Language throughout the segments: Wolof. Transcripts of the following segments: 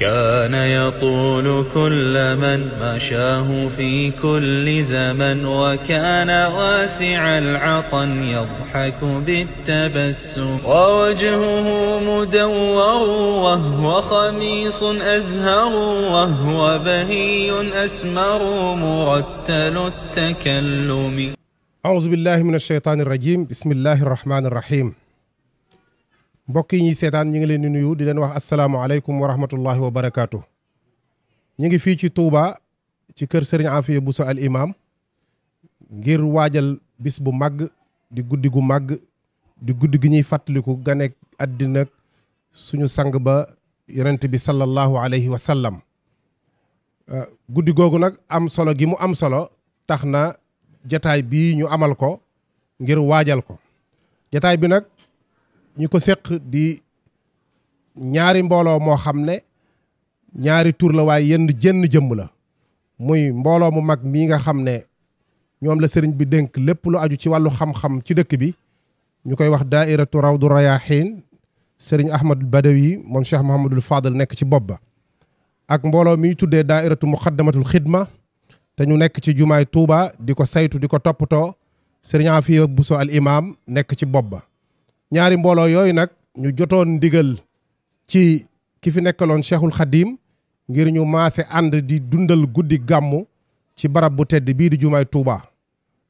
كان يطول كل من مشاه في كل زمن وكان واسع العطن يضحك بالتبسم ووجهه مدور وهو خميص أزهر وهو بهي أسمر مرتل التكلم أعوذ بالله من الشيطان الرجيم بسم الله الرحمن الرحيم mbokk yi ñuy seetaan ñu ngi leen di nuyu di leen wax asalaamaaleykum wa rahmatullahi wa barakaatu. ñu ngi fii ci Touba ci kër Serigne Afia Bousso al imaam ngir waajal bis bu màgg di guddi gu màgg di guddi gi ñuy fàttaliku ganek àddina suñu sang ba yonent bi sallallahu alayhi wa sallam euh, guddi googu nag am solo gi mu am solo tax na jataay bii ñu amal ko ngir waajal ko jataay bi nag. ñi ko séq di ñaari mbooloo moo xam ne ñaari tuur la waaye yenn jenn jëmm la muy mbooloo mu mag mii nga xam ne ñoom la sëriñ bi dénk lépp lu aju ci wàllu xam-xam ci dëkk bi ñu koy wax daairatu rawdu rayaxiin sëriñ ahmadul badawi moom cheikh mahamadul fadal nekk ci bopp ba ak mbooloo mi ñu tuddee daairatu muqaddamatul xidma te ñu nekk ci jumaay tuuba di ko saytu di ko toppatoo sëriñ afiya buso al imam nekk ci bopp ba ñaari mbooloo yooyu nag ñu jotoon ndigal ci ki fi nekkaloon cheikhul xadim ngir ñu maase ànd di dundal guddi gàmmu ci barab bu tedd bii di jumaay Touba.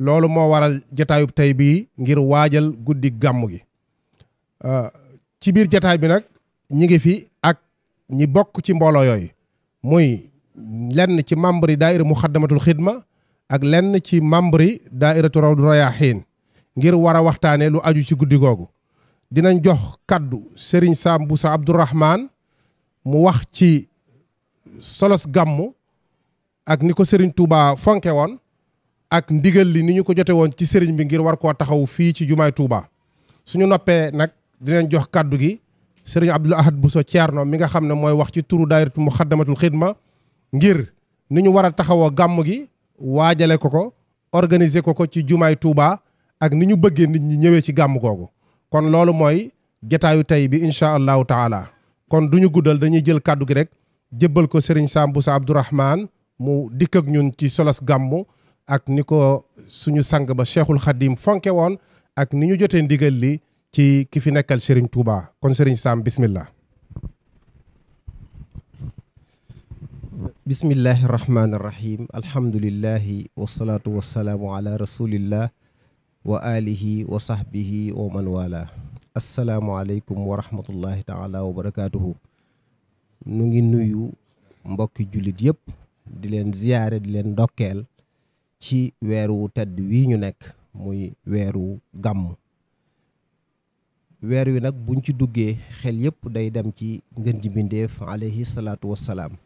loolu moo waral jataayub tey bii ngir waajal guddi gàmmu gi euh, ci biir jataay bi nag ñi ngi fi ak ñi bokk ci mbooloo yooyu muy lenn ci membre yi daayira muxaddamatul xidma ak lenn ci membre yi daayiratu rawdu rayaxiin ngir war a waxtaane lu aju ci guddi googu dinañ jox kàddu Serigne Sam Boussa Abdourahman mu wax ci solos gàmmu ak ni ko Serigne Touba fonke woon ak ndigal li ni ñu ko jote woon ci Serigne bi ngir war koo taxawu fii ci jumaay Touba suñu noppee nag dinañ jox kàddu gi Serigne Abdoul Ahad Bousso Thierno mi nga xam ne mooy wax ci turu daayiratu Muxaddamatul Xidma ngir ni ñu war a taxawoo gàmm gi waajale ko ko organiser ko ko ci jumaay tuubaa ak ni ñu bëggee nit ñi ñëwee ci gàmm googu kon loolu mooy jataayu tey bi incha allahu taala kon du ñu guddal dañuy jël kàddu gi rek jébbal ko Serigne Sam Bousso Abdourahmane mu dikk ak ñun ci solos gàmmu ak ni ko suñu sang ba cheikhul xadim fonke woon ak ni ñu jotee ndigal li ci ki fi nekkal Serigne Touba kon Serigne Sam bismillah bismillahi rahmaani rahim alhamdulillahi wasalaatu wasalaamu ala rasulillah wa alihi wa sahbihi wa man wala asalaamualeykum wa rahmatullahi taala wa barakaatuhu nu ngi nuyu mbokki jullit yépp di leen ziyaare di leen ndokkeel ci weer wu tedd wii ñu nekk muy weeru gàmm weer wi nag buñ ci duggee xel yépp day dem ci ngën ji mbindéef alayhi salaatu wassalaam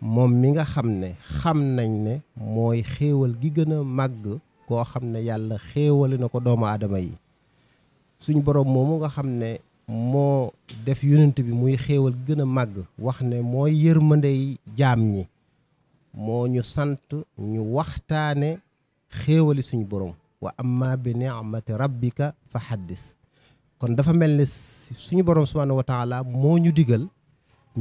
moom mi nga xam ne xam nañ ne mooy xéewal gi gën a màgg koo xam ne yàlla xéewali na ko doomu aadama yi suñ borom moomu nga xam ne moo def yonent bi muy xéewal gën a màgg wax ne mooy yërmandey jaam ñi moo ñu sant ñu waxtaane xéewali suñu borom wa amma bi ni'mati rabbika fa xaddis kon dafa mel ni suñu borom subhaanahu wa taala moo ñu digal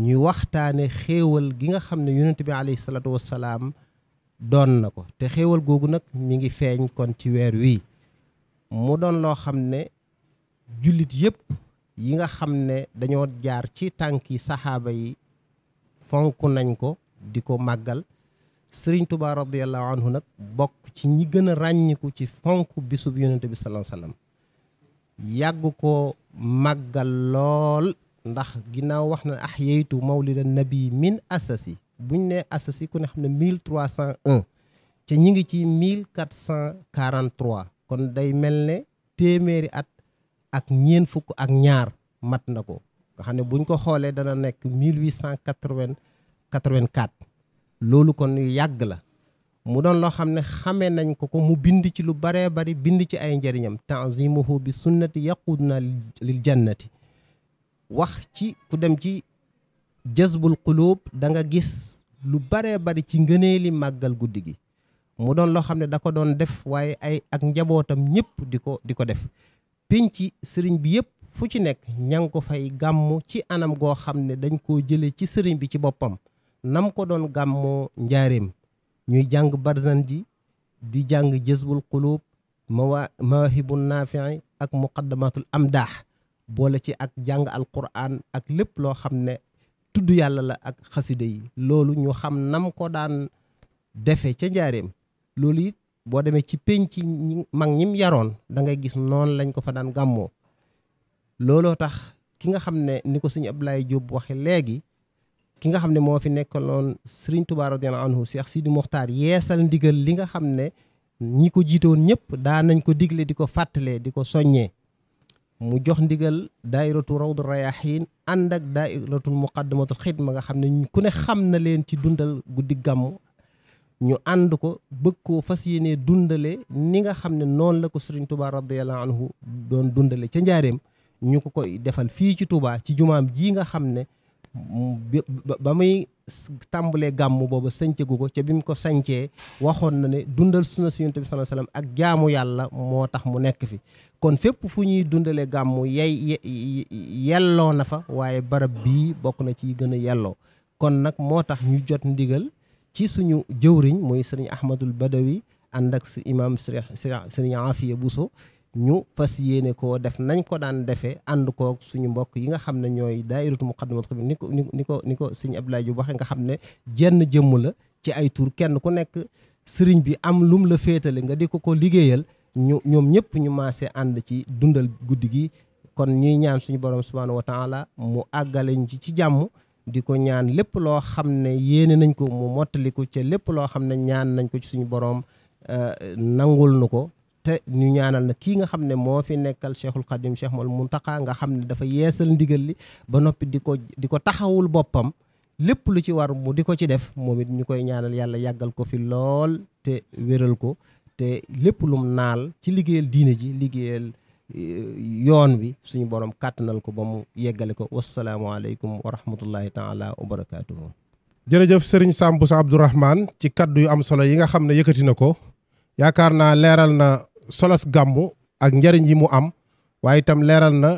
ñuy waxtaane xéewal gi nga xam ne yonent bi alayhi salaatu wassalaam doon na ko te xéewal googu nag mi ngi feeñ kon ci weer wii mu doon loo xam ne jullit yépp yi nga xam ne dañoo jaar ci tànki saxaaba yi fonk nañ ko di ko màggal sëriñ Tuubaa radiyallahu nag bokk ci ñi gën a ràññiku ci fonk bisub yonente bi sallallahu alayhi yàgg ko màggal lool ndax ginnaaw wax na ahyaytu mawlida nabi min asasi bu ñu nee associ ku ne xam ne 1301 ci ñi ngi ci 1443 kon day mel ne téeméeri at ak ñeen fukk ak ñaar mat na ko nga xam ne buñ ko xoolee dana nekk 1884 loolu kon yàgg la mu doon loo xam ne xamee nañ ko ko mu bind ci lu baree bari bind ci ay njëriñam tanzimuhu bi sunnati yaquduna lil jannati wax ci ku dem ci jazbul qulub danga gis lu baree bari ci ngëneeli màggal guddi gi mu doon loo xam ne dako doon def waaye ay ak njabootam ñëpp di ko di ko def pinc sëriñ bi yëpp fu ci nekk ña ngi ko fay gàmmu ci anam goo xam ne dañ koo jëlee ci sëriñ bi ci boppam nam ko doon gàmmoo njaareem ñuy jàng barzanji di jàng jazbul qulub mawa mawahibun naafi'i ak muqaddamatul amdaax boole ci ak jàng alquran ak lépp loo xam ne tudd yàlla la ak xasida yi loolu ñu xam nam ko daan defe ca njaareem loolu it boo demee ci penc ñi mag ñim yaroon da ngay gis noonu lañ ko fa daan gàmmoo looloo tax ki nga xam ne ni ko sëñ Abdoulaye Diop waxe léegi ki nga xam ne moo fi nekkaloon sëriñ Tuubaa radiyallaahu anhu Cheikh Sidi Mokhtar yeesal ndigal li nga xam ne ñi ko jiitoon ñëpp daan nañ ko digle di ko fàttalee di ko soññee mu jox ndigal daairatu rawdu rayahin ànd ak daairatul muqaddamatul xidma nga xam ne ku ne xam na leen ci dundal guddi gàmmu ñu ànd ko bëgg koo fas yéenee dundale ni nga xam ne noonu la ko sëriñ Touba radiyallahu anhu doon dundale ca njaareem ñu ko koy defal fii ci Touba ci jumaam ji nga xam ne ba muy tàmbalee gàmm booba sañcagu ko ca bi mu ko sencee waxoon na ne dundal sunna si yonent bi sallallahu ak jaamu yàlla moo tax mu nekk fi kon fépp fu ñuy dundalee gàmm yey yelloo na fa waaye barab bii bokk na ci gën a yelloo kon nag moo tax ñu jot ndigal ci suñu jëwriñ muy sëriñ ahmadul badawi ànd ak si imam sëriñ sëriñ afiya buso ñu fas yéene ko def nañ ko daan defee ànd koog suñu mbokk yi nga xam ne ñooy daayiratu muqaddamatul xidma ni ko ni ko ni ko ni ko sëñ Abdoulaye Diop waxee nga xam ne jenn jëmm la ci ay tur kenn ku nekk sëriñ bi am lum la féetale nga di ko ko liggéeyal ñu ñoom ñëpp ñu maase ànd ci dundal guddi gi kon ñuy ñaan suñu borom subhaanahu wa taala mu àggale ñu ci ci jàmm di ko ñaan lépp loo xam ne yéene nañ ko mu mottaliku ca lépp loo xam ne ñaan nañ ko ci suñu borom euh, nangul nu ko te ñu ñaanal na kii nga xam ne moo fi nekkal cheikhul xadim cheikh mal muntaka nga xam ne dafa yeesal ndigal li ba noppi di ko di ko taxawul boppam lépp lu ci war mu di ko ci def moom it ñu koy ñaanal yàlla yàggal ko fi lool te wéral ko te lépp lum naal ci liggéeyal diine ji liggéeyal eh, yoon wi suñu borom kàttanal ko ba mu yeggale ko wasalaamualeykum wa rahmatullahi taala wa barakaatuhu jërëjëf sëriñ Samb Bousso Abdourahmane ci kaddu yu am solo yi nga xam ne yëkkati ko solas gàmmu ak njariñ yi mu am waaye itam leeral na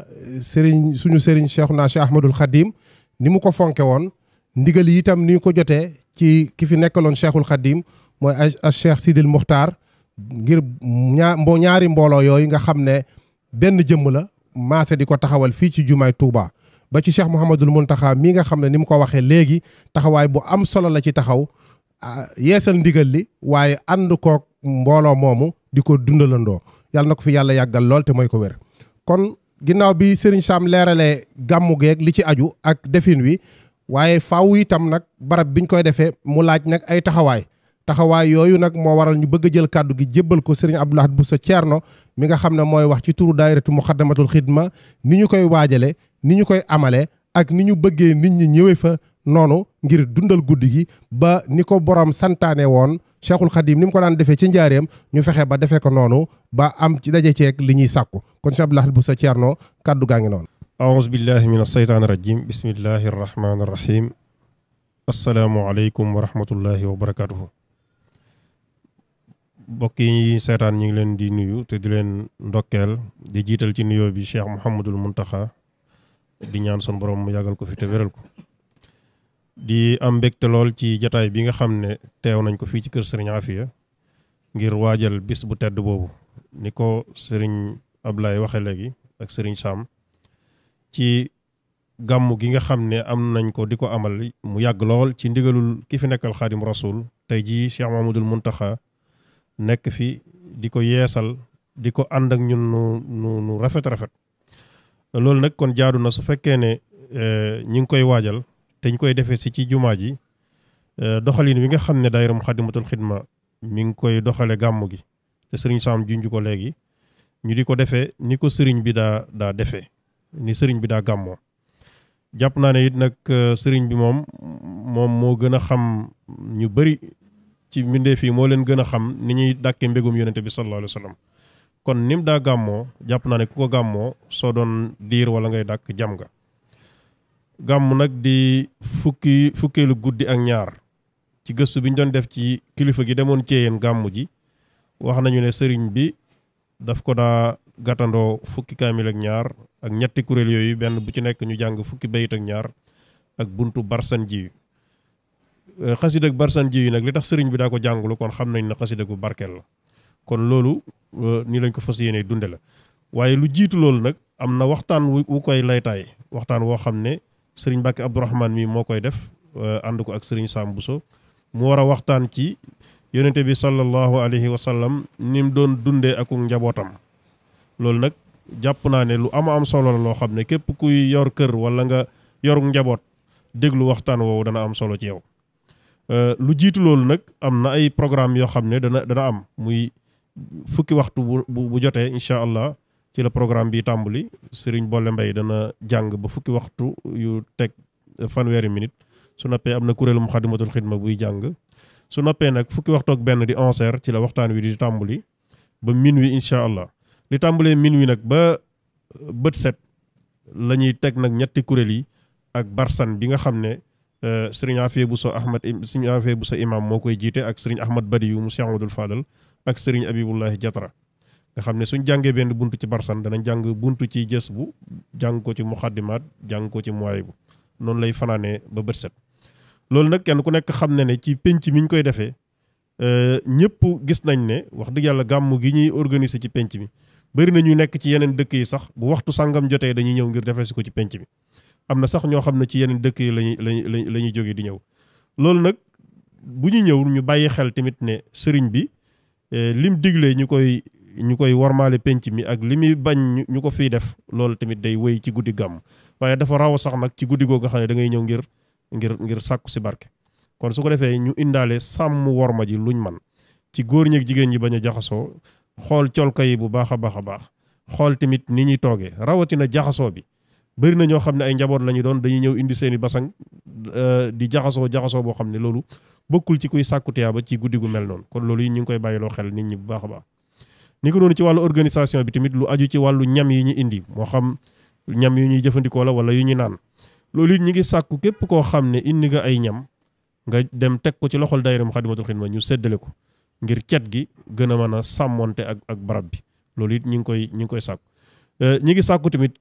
sëriñ suñu sëriñ Cheikhuna Cheikh Ahmadul Khadim ni mu ko fonke woon ndigal yi itam ni ñu ko jotee ci ki fi nekkaloon Cheikhul Khadim mooy ay Cheikh Sidil Muxtaar ngir ñaar mbo ñaari mbooloo yooyu nga xam ne benn jëmm la maase di ko taxawal fii ci jumaay tuubaa ba ci Cheikh Mouhamadul Mountakha mii nga xam ne ni mu ko waxee léegi taxawaay bu am solo la ci taxaw yeesal ndigal li waaye ànd koog mbooloo moomu di ko dundalandoo yal na ko fi yàlla yàggal lool te mooy ko wér kon ginnaaw bi Serigne Sam leerale gàmmu geeg li ci aju ak defin wi waaye faaw itam nag barab biñ koy defee mu laaj nag ay taxawaay taxawaay yooyu nag moo waral ñu bëgg a jël kàddu gi jébbal ko Serigne bu Lahad ceer no mi nga xam ne mooy wax ci turu daayiratu muxaddamatul xidma ni ñu koy waajale ni ñu koy amale ak ni ñu bëggee nit ñi ñëwee fa noonu ngir dundal guddi gi ba ni ko borom santaane woon cheikhul xadim ni mu ko daan defee ci njaareem ñu fexe ba defee ko noonu ba am ci daje ceeg li ñuy sàkku kon cheikh abdoulahad bu sa ceerno kàddu gaa ngi noonu aouzu billahi min asheytaan irajim bismillahi arrahmani irrahim asalaamualeykum wa rahmatullahi wa barakatuhu mbokk yi seetaan ñu ngi leen di nuyu te di leen ndokkeel di jiital ci nuyoo bi cheikh mouhamadul muntaxa di ñaan sun borom mu yàggal ko fi te wéral ko di am mbégte lool ci jataay bi nga xam ne teew nañ ko fii ci kër sëriñ Afia ngir waajal bis bu tedd boobu ni ko sëriñ Ablaye waxe léegi ak sëriñ Sam ci gàmmu gi nga xam ne am nañ ko di ko amal mu yàgg lool ci ndigalul ki fi nekkal xaadim rasuul tey jii Cheikh mun taxa nekk fi di ko yeesal di ko ànd ak ñun nu nu rafet rafet loolu nag kon jaadu na su fekkee ne eh, ñi ngi koy waajal te ñu koy defee si ci jumaa ji euh, doxalin wi nga xam ne daayira Muxaddamatul Xidma mi ngi koy doxale gàmmu gi te sëriñ Saam junj ko léegi ñu di ko defee ni ko sëriñ bi daa daa defee ni sëriñ bi daa gàmmoo jàpp naa ne it nag euh, sëriñ bi moom moom moo gën a xam ñu bari ci mbindeef yi moo leen gën a xam ni ñuy dàkkee yonente bi sallallahu alayhi wa kon nim daa gàmmoo jàpp naa ne ku ko gàmmoo soo doon diir wala ngay dàkk jam nga gàmm nag di fukki fukkeelu guddi ak ñaar ci gëstu bi ñu doon def ci kilifa gi demoon ceeyeen gàmm ji wax nañu ne sëriñ bi daf ko daa gàttandoo fukki kaamil ak ñaar ak ñetti kuréel yooyu benn bu ci nekk ñu jàng fukki bayit ak ñaar ak buntu barsan ji euh, xasid ak barsan ji yi nag li tax sëriñ bi daa ko jàngulu kon xam nañ ne xasid ak bu barkeel la kon loolu euh, ni lañ ko fas yéene dunde la waaye lu jiitu loolu nag am na waxtaan wu koy laytaay waxtaan woo xam ne sëriñ Mbacke Abdourahman mii moo koy def euh, ànd ko ak sëriñ bu so mu war a waxtaan ci yonente bi sallallahu alayhi wa sallam ni doon dundee ak njabootam loolu nag jàpp naa ne lu ama am solo la loo xam ne képp kuy yor kër wala nga yoruk njaboot déglu waxtaan woowu dana am solo ci yow euh, lu jiitu loolu nag am na ay programme yoo xam ne dana dana am muy fukki waxtu bu bu jotee incha allah ci la programme bi tàmbali Serigne Bolle mbay dana jàng ba fukki waxtu yu teg fanweeri minute su noppee am na kuréelu Muxaddamatul Xidma buy jàng su noppee nag fukki waxtu benn di onze heures ci la waxtaan wi di tàmbali ba minuit incha allah li tàmbalee minuit nag ba bët set la teg nag ñetti kuréel yi ak barsan bi nga xam ne euh, Serigne Afia Bousso Ahmad Serigne Afia Bousso imam moo koy jiite ak Serigne Ahmad Badiou mu Cheikh Amadou Fadal ak Serigne Abibullahi Jatra nga xam ne suñ jàngee benn buntu ci barsan dana jàng buntu ci jës bu jàng ko ci muxaddimaat jàng ko ci muwaay bu noonu lay fanaanee ba bët set loolu nag kenn ku nekk xam ne ne ci pénc mi ñu koy defee euh, ñëpp gis nañ ne wax dëgg yàlla gàmm gi ñuy organiser ci penc mi bari na ñu nekk ci yeneen dëkk yi sax bu waxtu sàngam jotee dañuy ñëw ngir defee si ko ci penc mi am na sax ñoo xam ne ci yeneen dëkk yi lañuy lañuy la ñuy jógee di ñëw loolu nag bu ñu ñëw ñu bàyyi xel tamit ne sëriñ bi euh, ñu koy warmaale penc mi ak li muy bañ ñu ko fiy def loolu tamit day wéy ci guddi gàmm waaye dafa raw sax nag ci guddi googu xam ne da ngay ñëw ngir ngir ngir sàkku si barke kon su ko defee ñu indaale sàmm worma ji luñ man ci góor ñeeg jigéen ñi bañ a jaxasoo xool colka yi bu baax a baax a baax xool tamit ni ñuy toogee rawatina jaxasoo bi bëri na ñoo xam ne ay njaboot la ñu doon dañuy ñëw indi seen i basang euh, di jaxasoo jaxasoo boo xam ne loolu bokkul ci kuy sàkku tiyaaba ci guddi gu mel noonu kon loolu yi ñu ngi koy bàyyiloo xel nit ñi bu baax a baax ni ko noonu ci wàllu organisation bi tamit lu aju ci wàllu ñam yi ñu indi moo xam ñam yi ñuy jëfandikoo la wala yu ñuy naan loolu it ñi ngi sàkku képp koo xam ne indi nga ay ñam nga dem teg ko ci loxol daayira Moukhaddamatoul Khidma ñu séddale ko ngir cet gi gën a mën a sàmmonte ak ak barab bi loolu it ñu ngi koy ñi ngi koy sàkku euh, ñi ngi sàkku tamit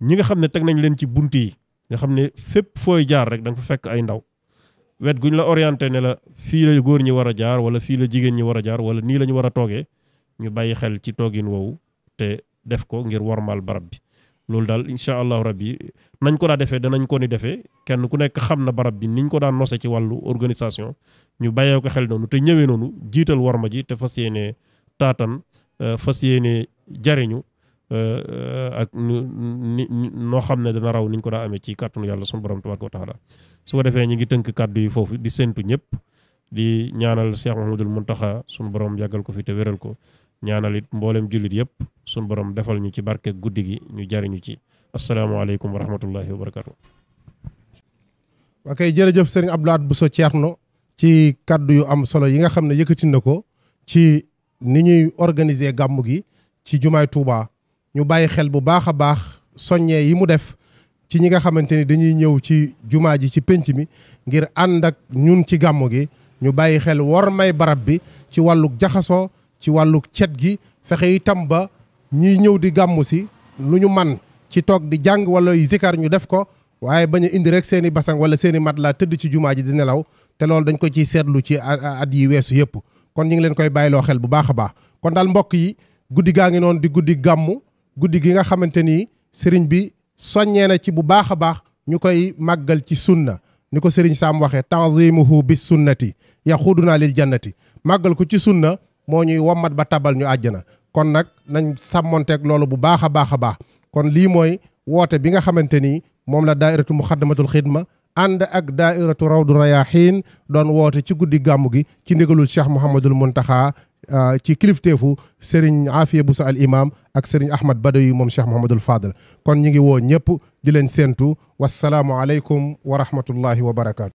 ñi nga xam ne teg nañ leen ci bunt yi nga xam ne fépp fooy jaar rek danga nga fekk ay ndaw wet guñ la orienté ne la fii la góor ñi war a jaar wala fii la jigéen ñi war a jaar nii la ñu war a toogee ñu bàyyi xel ci toogin woowu te def ko ngir wormaal barab bi loolu daal incha allahu rabbi nañ ko daa defee danañ ko ni defee kenn ku nekk xam na barab bi niñ ko daan nose ci wàllu organisation ñu bàyyee ko xel noonu te ñëwee noonu jiital worma ji te fas yéenee taatan euh, fas yéenee jariñu euh, euh, ak ni noo xam ne dana raw niñ ko daa amee ci kàttanu yàlla sunu borom tabaraka wa taala su ko defee ñu ngi tënk kàddu yi foofu di séntu ñëpp di ñaanal Cheikh Mahmadul Muntaxa sunu borom yàggal ko fi te wéral ko ñaanal it mboolem jullit yëpp sun borom defal ñu ci barke guddi gi ñu jariñu ci asalaamaaleykum wa rahmatullahi wa barakatu waa kay jërëjëf sëriñ bu Lahad Bousso Thierno ci kàddu yu am solo yi nga xam ne yëkkati na ko ci ni ñuy organiser gàmmu gi ci jumaay Touba ñu bàyyi xel bu baax a baax soññee yi mu def ci ñi nga xamante ni dañuy ñëw ci jumaa ji ci pénc mi ngir ànd ak ñun ci gàmmu gi ñu bàyyi xel war may barab bi ci wàllu jaxasoo ci wàllu cet gi fexe itam ba ñiy ñëw di gàmmu si lu ñu man ci toog di jàng wala zikar ñu def ko waaye bañ a indi rek seen i basang wala seen i laa tëdd ci jumaa ji di nelaw te loolu dañ ko ciy seetlu ci at yi weesu yëpp kon ñu ngi leen koy bàyyiloo xel bu baax a baax kon daal mbokk yi guddi gaa ngi noonu di guddi gàmmu guddi gi nga xamante ni sëriñ bi soññee na ci bu baax a baax ñu koy màggal ci sunna ni ko sëriñ Saam waxee tanzimuhu bi sunnati yaxuduna lil jannati màggal ko ci sunna moo ñuy wommat ba tabal ñu àjjana kon nag nañ sàmmonteeg loolu bu baax a baax a baax kon lii mooy woote bi nga xamante ni moom la daairatu muxaddamatul xidma ànd ak daairatu rawdu rayaxiin doon woote ci guddi gàmmu gi ci ndigalul cheikh mouhamadul muntaxa euh, ci kilifteefu sëriñ afiya busa al imam ak sëriñ ahmad badawi moom cheikh mouhamadul fadal kon ñi ngi woo ñëpp di leen séentu wasalaamu aleykum wa rahmatullahi wa barakaatu